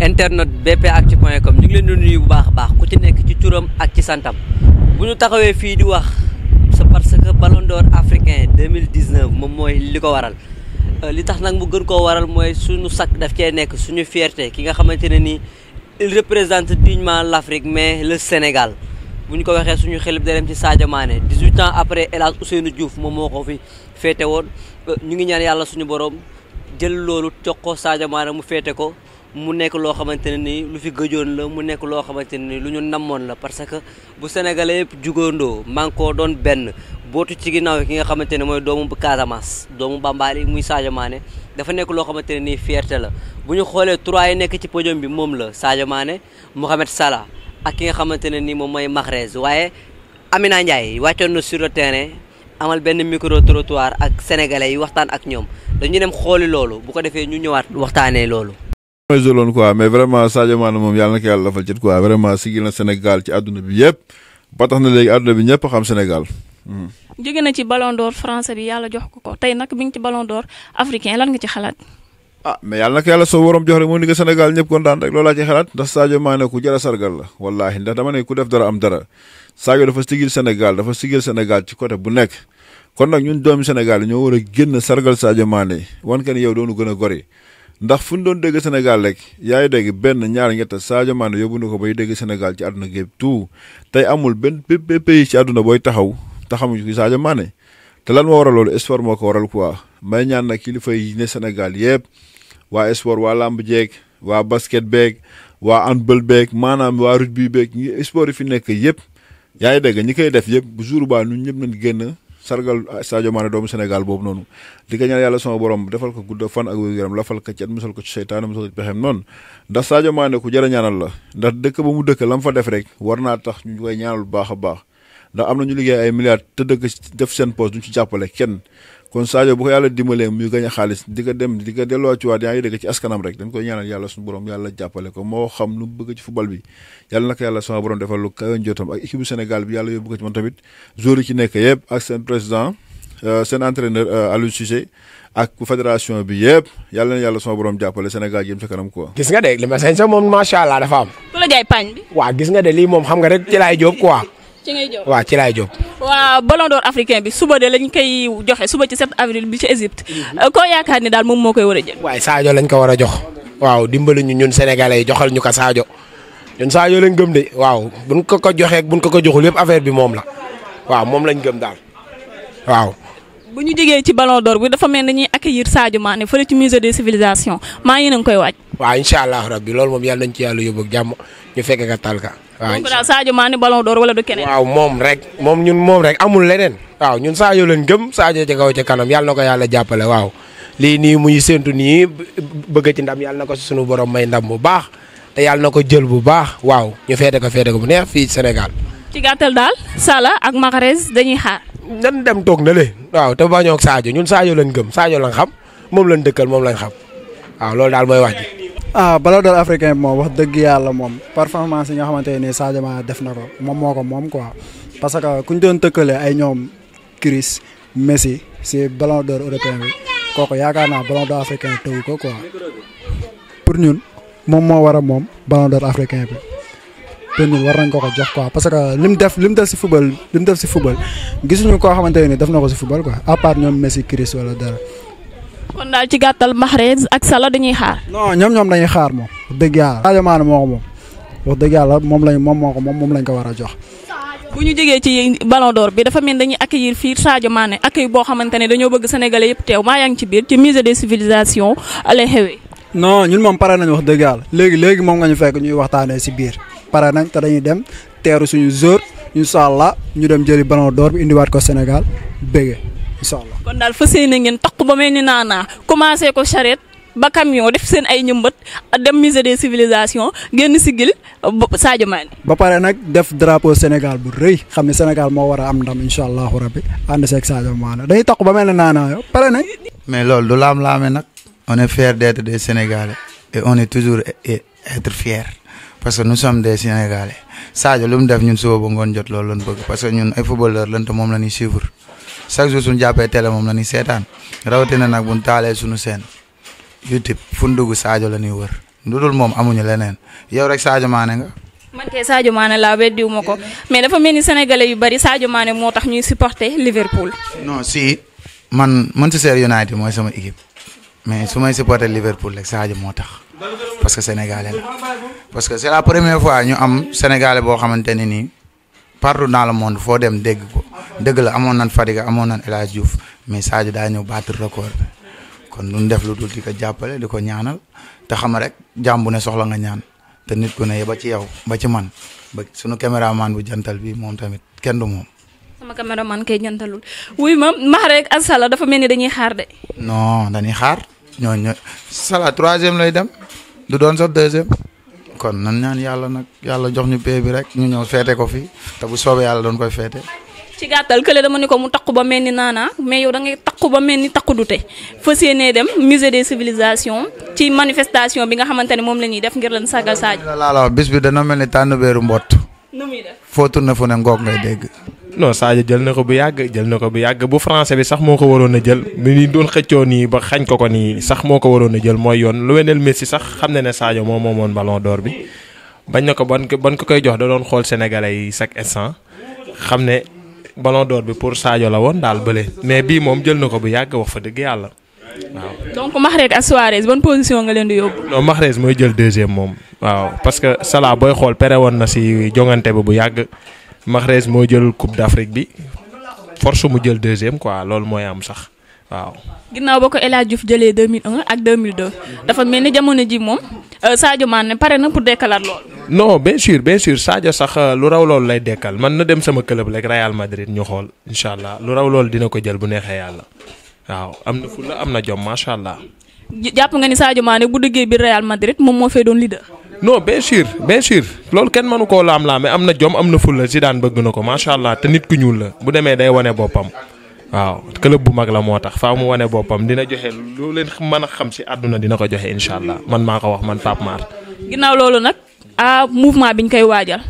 internet ak bpactu.com ñu ngi leen di nuyu bu baax baax ku ci nekk ci turam ak ci santam bu ñu taxawee fii di wax c'est parce que Ballon d'Or africain 2019 moom mooy li ko waral euh, li tax nag mu gën koo waral mooy suñu sakk daf cee nekk suñu fierte ki nga xamante ne nii il représente dignement l'Afrique mais le Sénégal bu ñu ko waxee suñu xelib da ci Sadio Mané 18 ans après El Hadj Ousseynou Diouf moom moo ko fi féete woon euh, ñu ngi ñaan yàlla suñu borom jël loolu jox ko Sadio Mané mu féete ko mu nekk loo xamante ne nii lu fi gëjoon la mu nekk loo xamante ne nii lu ñu namoon la parce que bu sénégalais yëpp jugandoo mànkoo doon benn bootu ci ginnaaw ki nga xamante ne mooy doomu bu Casamance doomu Bambali muy Sadio Mané dafa nekk loo xamante ne nii fierté la bu ñu xoolee trois yi nekk ci podium bi moom la Sadio Mané Mohamed Salah ak ki nga xamante ne nii moom mooy Mahrez waaye Amina Ndiaye wàccoon na sur le terrain amal benn micro trottoir ak sénégalais yi waxtaan ak ñoom dañu dem xooli loolu bu ko defee ñu ñëwaat waxtaanee loolu. mooy zoloon quoi mais vraiment Sadio Mané moom yàlla na ko yàlla dafal ci quoi vraiment sigil na Sénégal ci àdduna bi yëpp ba tax na léegi àdduna bi ñëpp xam Sénégal. Hmm. jóge na ci ballon d'or français bi yàlla jox ko ko tey nag bi ngi ci ballon d'or africain lan nga ci xalaat. ah mais yàlla na ko yàlla soo waroom jox rek moo ni ko Sénégal ñëpp kontaan rek loolaa ci xalaat ndax Sadio Mané ku jar a sargal la wallaahi ndax dama ne ku def dara am dara Sadio dafa sigil Sénégal dafa sigil Sénégal ci côté bu a génn sargal a gori ndax fu ñu doon dégg Sénégal rek yaa ngi dégg benn ñaar ñett Sadio Mané yóbbu na ko bay dégg senegal ci àdduna gépp tout tey amul benn bépp pays ci àdduna booy taxaw taxamuñu ko Sadio Mané te lan moo waral loolu moo ko waral quoi may ñaan nag kilifa yi ne Sénégal yëpp waa espoir waa làmb jeeg waa basket beeg waa bël beeg maanaam waa rugby beeg ñi espoir yi fi nekk yëpp yaa ngi dégg ñi koy def yëpp bu jour ba ñun ñëpp nañ génn. sargal Sadio Mané doomu Sénégal boobu noonu di ko yàlla sama borom defal ko gudd fan ak wér-gu-yaram lafal ko ci at musal ko ci seytaane musal ko ci pexem noonu ndax Sadio Mané ku jar ñaanal la ndax dëkk ba mu dëkk la mu fa def rek war naa tax ñu koy ñaanal bu baax a baax ndax am na ñu liggéey ay milliards te dëkk def seen poste duñ ci jàppale kenn kon Sadio bu yàlla dimbalee muy gañ a xaalis di dem di ko loo ci waat yaa ngi dégg ci askanam rek dañ koy ñaanal yàlla suñu borom yàlla jàppale ko moo xam lu mu bëgg a football bi yàlla na ko yàlla sama borom defal lu kawe njottam ak équipe bu Sénégal bi yàlla yóbbu ko ci man tamit joueurs yi euh, euh, bi yëpp yàlla na yàlla sama borom jàppale Sénégal jëm ci kanam quoi. gis nga de li ma sañ sax moom macha allah dafa am. moom xam nga rek ci laay jóob ci ngay jóg waaw ci laay jóg. waa ballon africain bi suba de lañ koy joxe suba ci set avril bi ci Égypte. Mhm. koo yaakaar ni daal moom moo koy war jël. waaye Sadio lañ ko war a jox. waaw dimbali ñu ñun sénégalais yi joxal ñu ko Sadio ñun saajo lañ gëm de waaw buñ ko ko joxee buñ ko ko joxul yëpp affaire bi moom la waaw moom lañ gëm daal waaw. bu ñu jógee ci ballon d'or bi dafa mel ni ñuy accueillir Sadio Mané ci musée des civilisations maa ngi koy waaj. waaw incha allah rabbi loolu moom yàlla nañ ci yàlla yóbbu jàmm ñu fekk ka tal ka. waaw incha allah Sadio Mané ballon d'or wala du keneen. waaw moom rek moom ñun moom rek amul leneen. waaw ñun Sadio leen gëm Sadio ca kaw ca kanam yàlla na ko yàlla jàppale waaw lii nii muy séntu nii bëgg ci ndam yàlla na ko si sunu borom may ndam bu baax te yàlla na ko jël bu baax waaw ñu feete ko feete ko bu neex fii Sénégal. ci gàttal daal Salah ak Mahrez dañuy xaar nan dem toog na le waaw te bañoo ak Sadio ñun Sadio lañ gëm Sadio lañ xam moom lañ dëkkal moom lañ xam waaw loolu daal mooy wax ji. ah ballon d'or africain bi moom wax dëgg yàlla moom performance yi nga xamante ne Sadio Mané def na ko moom moo ko moom quoi parce que ku ñu doon tëkkalee ay ñoom kiris Messi si ballon d'or européen bi kooku yaakaar naa ballon d'or africain tëw ko quoi pour ñun moom moo war a moom ballon d'or africain bi. te ñun war nañ ko ko jox quoi parce que lim def lim def si football lim def si football gisuñu koo xamante ne def na ko si football quoi à part ñoom Messi Chris wala dara. kon daal ci gàttal Mahrez ak Salah dañuy xaar. non ñoom ñoom dañuy xaar moom. dëgg yàlla Sadio moo ko dëgg yàlla moom lañ moom moo ko moom moom lañ ko war a jox. bu ñu jógee ci Ballon d'Or bi dafa mel dañuy fii Sadio Mané accueil boo xamante ne dañoo bëgg sénégalais yëpp teew maa yaa ngi ci biir ci musée des civilisations lay xewee. non ñun moom pare nañu wax dëgg yàlla léegi léegi moom nga ñu fekk ñuy waxtaanee si biir pare nañ te dañuy dem teeru suñu jour incha allah ñu dem jëli ballon door bi indiwaat ko Sénégal bége incha allah. kon daal fas yéene ngeen takku ba mel ni naanaa commencé ko charette ba yoo def seen ay ñëmbat dem musée des civilisations génn sigil Sadio Mané. ba pare nag def drapeau Sénégal bu rëy xam ne Sénégal moo war a am ndam incha allahu rabbi ànd seeg Sadio Mané dañuy takku ba mel ni naanaa yow pare nañ. mais lool du laam-laame nag. on est fier d'être des Sénégalais et on toujours être parce que nous sommes des Sénégalais Sadio lu mu def ñun suba ba ngoon jot loolu lañ bëgg parce que ñun ay footballeur lañ te moom la ñuy suivre jour suñu jàppee télé moom la ñuy seetaan rawatina nag bu ñu taalee sunu seen YouTube fu ñu dugg saajo la ñuy wër lu dul moom amuñu leneen yow rek saajo maane nga. man kay Sadio Mané laa weddiwu ma ko mais dafa mel ni sénégalais yu bari Sadio maane moo tax ñuy supporter Liverpool. non si man Manchester United mooy sama équipe mais su may supporter Liverpool rek Sadio moo tax. parce que sénégalais la parce que c'est la première fois ñu am sénégalais boo xamante ne nii partout dans le monde foo dem dégg ko dëgg la amoon nan Fadiga amoon nan El Hadj Diouf mais Sadio daa ñëw battre record kon lu ñu def lu dul di ko jàppale di ko ñaanal te xam rek jàmm bu ne soxla nga ñaan te nit ku ne ba ci yow ba ci man ba sunu caméraman bu jantal bi moom tamit kenn du moom. sama caméraman kay jantalul wuy ma max rek ak Salah dafa mel ni dañuy xaar de. non dañuy xaar ñooñu Salah troisième lay dem. du doon sax deuxième kon nan ñaan yàlla nag yàlla jox ñu pay bi rek ñu ñëw feete ko fii te bu soobee yàlla doon koy feete. ci gàttal kële dama ni ko mu takku ba mel ni naana mais yow da ngay takku ba mel ni takku dute fas yéenee dem musée des civilisations ci manifestation bi nga xamante ne moom la ñuy def ngir leen sagal Sadio. la bis bi dana mel ni tànn beeru mbott. nu muy def foo tourné fu ne ngoog ngay dégg. non Sadio jël na ko bu yàgg jël na ko bu yàgg bu français bi sax moo ko waroon a jël mi ni doon xëccoo nii ba xañ ko ko nii sax moo ko waroon a jël mooy yoon lu Lionel Messi sax xam na ne Sadio moo moomoon ballon d'or bi bañ na ko ban ban ko koy jox da xool sénégalais yi chaque instant xam ne ballon d'or bi pour Sadio la woon daal bële mais bii moom jël na ko bu yàgg wax fa dëgg yàlla waaw. donc Mahrez ak Suarez ban position nga leen di yóbbu. non Mahrez mooy jël deuxième moom. waaw parce que Salah booy xool pere woon na si jongante bi bu yàgg. Mahrez moo jël coupe d'Afrique bi force mu jël deuxième quoi loolu mooy am sax waaw. ginnaaw ba ko El Hadj Diouf jëlee 2001 ak 2002 dafa mel ni jamono ji moom euh, Sadio Mané pare na pour dekkalaat lool. no bien sûr bien sûr Sadio sax euh, lu raw loolu lay dekkal man na dem sama club rek Real Madrid ñu xool incha allah lu raw loolu dina ko jël bu neexee yàlla waaw am na fulla am na jom macha allah. jàpp nga ni saa Mané bu duggee biir Real Madrid moom moo fay doon leader. non bien sûr bien sûr loolu kenn mënu koo laam-laame am na jom am na fulla Zidane bëgg na ko macha allah te nit ku ñuul la bu demee day wane boppam. waaw club bu mag la moo tax faa mu wane boppam dina joxe lu leen mën a xam si àdduna dina ko joxe incha allah man maa ko wax man Pape Mar. ginnaaw loolu nag ah bi biñ koy waajal.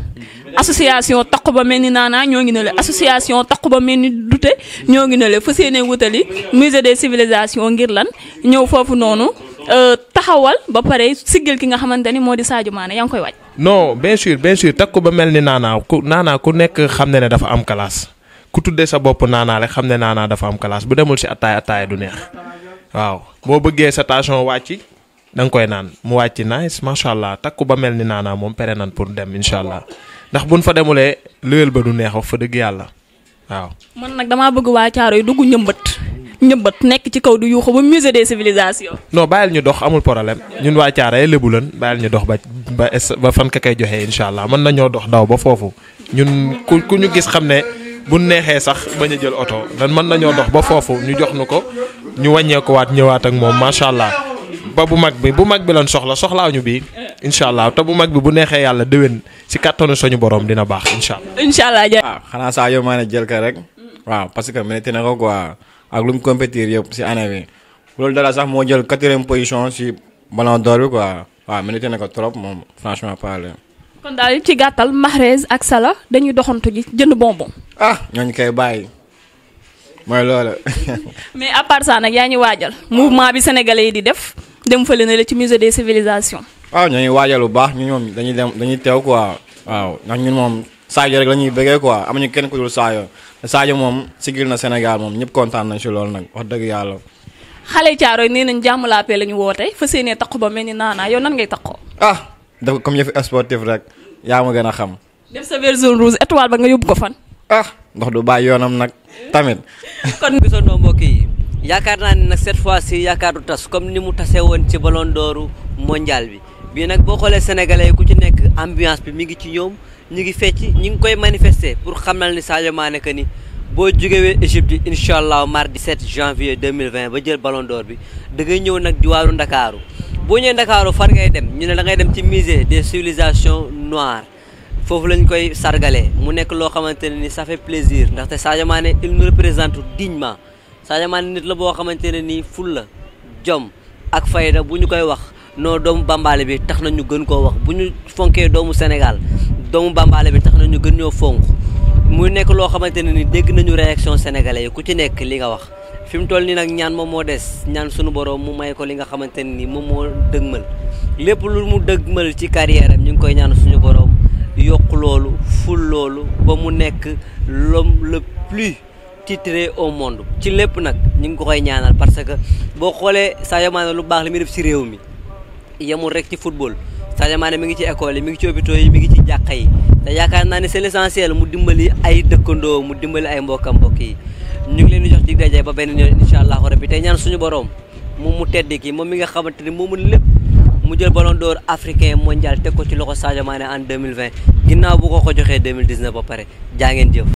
association takku ba mel ni naanaa ñoo ngi ne association takku ba mel ni dute ñoo ngi ne le fa séene wutali musée des civilisations ngir lan ñëw foofu noonu euh, taxawal ba pare siggal ki nga xamante ni moo di Sadio Mané yaa ngi koy waaj. non bien sûr bien sûr takku ba mel ni naanaa ku naanaa ku nekk xam ne ne dafa am classe ku tuddee sa bopp naanaa le xam ne naanaa dafa am classe bu demul si attaaya attaaya du neex waaw boo bëggee sa tension wàcc da nga koy naan mu wàcc nice macha allah takku ba mel ni naanaa moom pere nan pour dem incha allah. ndax bu buñ fa demulee luwel ba du neex wax fa dëgg yàlla waaw. man nag damaa bëgg waa caaro dugg ñëmbat. ñëmbat nekk ci kaw du yuuxu ba musée des civilisations. non bàyyil ñu dox amul problème ñun waa caare lébu lan bàyyil ñu dox ba ba es ba fan ka kay joxe incha allah mën nañoo dox daw ba foofu ñun ku ku ñu gis xam ne bu neexee sax bañ a jël oto dan mën nañoo dox ba foofu ñu jox nu ko ñu waat ñëwaat ak moom macha allah ba bu mag bi bu mag bi lan soxla soxlaa ñu bii incha allah te bu mag bi bu neexee yàlla déwén si kattanu suñu borom dina baax incha allah. incha allah jaay. waaw xanaa saa yoo jël ka rek. waaw parce que métti na ko quoi ak lu mu compétir yëpp si année loolu dara sax moo jël quatrième position si ballon d'or bi quoi waaw métti na ko trop moom franchement parler. kon daal ci gàttal Mahrez ak Salah dañuy doxantu ji jënd bonbon. ah ñooñu koy bàyyi. mooy loolu. mais à part nag yaa ñu waajal. mouvement bi di def dem fële na la des civilisations. waaw ñoo ngi waajal bu baax ñu ñoom dañuy dem dañuy teew quoi waaw ndax ñun moom Sadio rek la ñuy bëggee quoi ñu kenn ku dul Sadio te Sadio moom sigil na Sénégal moom ñëpp kontaan nañ si loolu nag wax dëgg yàlla. xale caaro yi nee nañ jàmm laa pee la ñu woote fa seenee taqu ba mel ni naanaa yow nan ngay taqoo. ah dafa comme yëfi sportif rek yaa ma gën a xam. def sa vert zone étoile ba nga yóbbu ko fan. ah ndox du bàyyi yoonam nag tamit. kon gisandoo mbokk yi yaakaar naa ne nag cette fois ci yaakaar du tas comme ni mu tasee woon ci ballon mondial bi. bii nag boo xoolee sénégalais ku ci nekk ambiance bi mi ngi ci ñoom ñu ngi fecc ñi ngi koy manifester pour xamal ni Sadio Mané que ni boo jógewee Égypte incha allah mardi 7 janvier 2020 ba jël ballon d'or bi dangay ñëw nag diwaaru ndakaaru boo ñëwee ndakaaru far ngay dem ñu ne da ngay dem ci musée des civilisations noires foofu lañ koy sargalee mu nekk loo xamante ne ni ça fait plaisir ndaxte Sadio Mané il nous représente dignement Sadio Mané nit la boo xamante ne nii ful la jom ak fayda bu ñu koy wax non doomu bambale bi tax na ñu gën koo wax bu ñu fonkee doomu Sénégal doomu bambale bi tax na ñu gën ñoo fonk muy nekk loo xamante ne ni dégg nañu réaction sénégalais ku ci nekk li nga wax fi mu toll nii nag ñaan moom moo des ñaan suñu borom mu may ko li nga xamante ne ni moom moo dëgmal lépp lu mu dëgg dëgmal ci carrière am ñu ngi koy ñaan suñu borom yokk loolu ful loolu ba mu nekk l'homme le plus titré au monde ci lépp nag ñu ngi ko koy ñaanal parce que boo xoolee Sadio Mané lu baax li muy def ci réew mi. yemul rek ci football Sadio Mané mi ngi ci école yi mi ngi ci hôpitaux yi mi ngi ci jàkka yi te yaakaar naa ne c'est l'essentiel mu dimbali ay dëkkandoo mu dimbali ay mbokkam mbokk yi ñu ngi leen di jox dig daje ba benn yoon incha allahu rabbi te ñaan suñu borom mu tedd ki moom mi nga xamante ni moomul lépp mu jël ballon d'or africain mondial teg ko ci loxo Sadio Mané en 2020 ginnaaw bu ko ko joxee 2019 ba pare jaa ngeen jëf.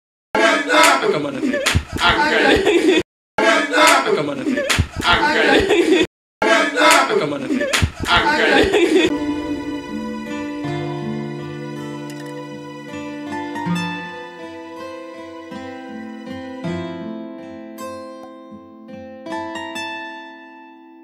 Ankale ak kay